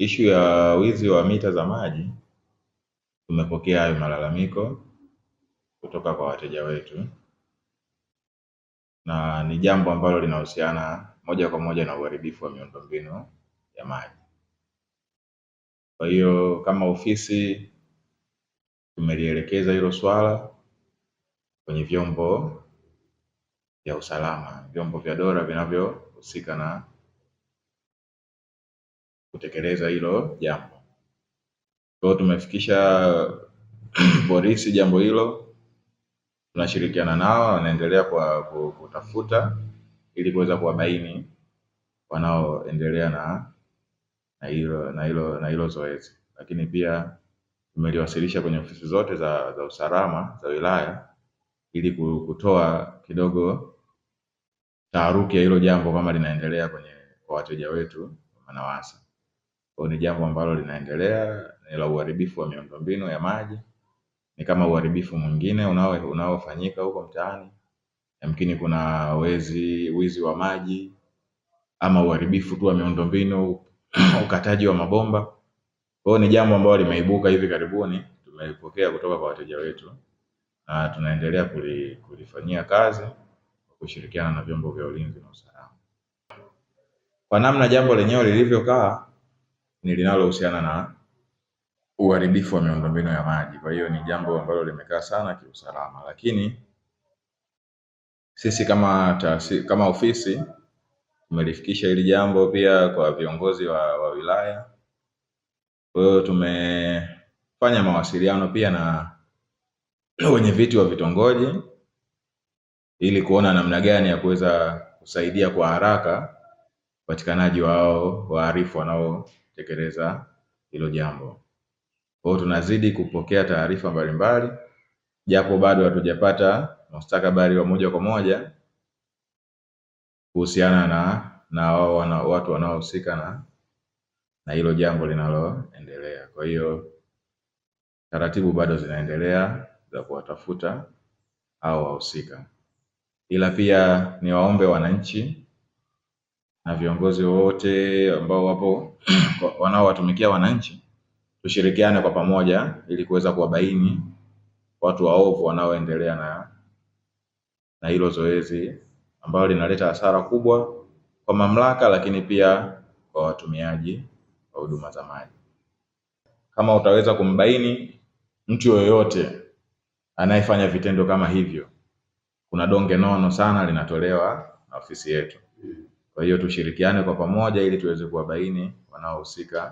Ishu ya wizi wa mita za maji, tumepokea hayo malalamiko kutoka kwa wateja wetu, na ni jambo ambalo linahusiana moja kwa moja na uharibifu wa miundombinu ya maji. Kwa hiyo kama ofisi tumelielekeza hilo swala kwenye vyombo vya usalama, vyombo vya dola vinavyohusika na kutekeleza hilo jambo. Kwa hiyo tumefikisha polisi jambo hilo, tunashirikiana nao, wanaendelea kwa kutafuta ili kuweza kuwabaini wanaoendelea na na hilo na hilo na hilo zoezi, lakini pia tumeliwasilisha kwenye ofisi zote za, za usalama za wilaya ili kutoa kidogo taharuki ya hilo jambo kama linaendelea kwenye kwa wateja wetu wanawasa. Kwa ni jambo ambalo linaendelea, ni la uharibifu wa miundombinu ya maji, ni kama uharibifu mwingine unao unaofanyika huko mtaani. Yamkini kuna wezi, wizi wa maji ama uharibifu tu wa miundombinu ukataji wa mabomba. Kwa ni jambo ambalo limeibuka hivi karibuni, tumelipokea kutoka kwa wateja wetu na tunaendelea kulifanyia kazi kwa kushirikiana na vyombo vya ulinzi na usalama. Kwa namna jambo lenyewe lilivyokaa ni linalohusiana na uharibifu wa miundombinu ya maji. Kwa hiyo ni jambo ambalo limekaa sana kiusalama, lakini sisi kama taasisi, kama ofisi tumelifikisha hili jambo pia kwa viongozi wa, wa wilaya. Kwa hiyo tumefanya mawasiliano pia na wenye viti wa vitongoji ili kuona namna gani ya kuweza kusaidia kwa haraka upatikanaji wao waarifu wanao kutekeleza hilo jambo. Kwa hiyo tunazidi kupokea taarifa mbalimbali, japo bado hatujapata mustakabali wa moja kwa moja kuhusiana na na wao wana, watu wanaohusika na na hilo jambo linaloendelea. Kwa hiyo taratibu bado zinaendelea za kuwatafuta au wahusika, ila pia niwaombe wananchi na viongozi wote ambao wapo wanaowatumikia wananchi, tushirikiane kwa pamoja ili kuweza kuwabaini watu waovu wanaoendelea na na hilo zoezi ambalo linaleta hasara kubwa kwa mamlaka, lakini pia kwa watumiaji wa huduma za maji. Kama utaweza kumbaini mtu yoyote anayefanya vitendo kama hivyo, kuna donge nono sana linatolewa na ofisi yetu. Kwa hiyo tushirikiane kwa pamoja ili tuweze kuwabaini wanaohusika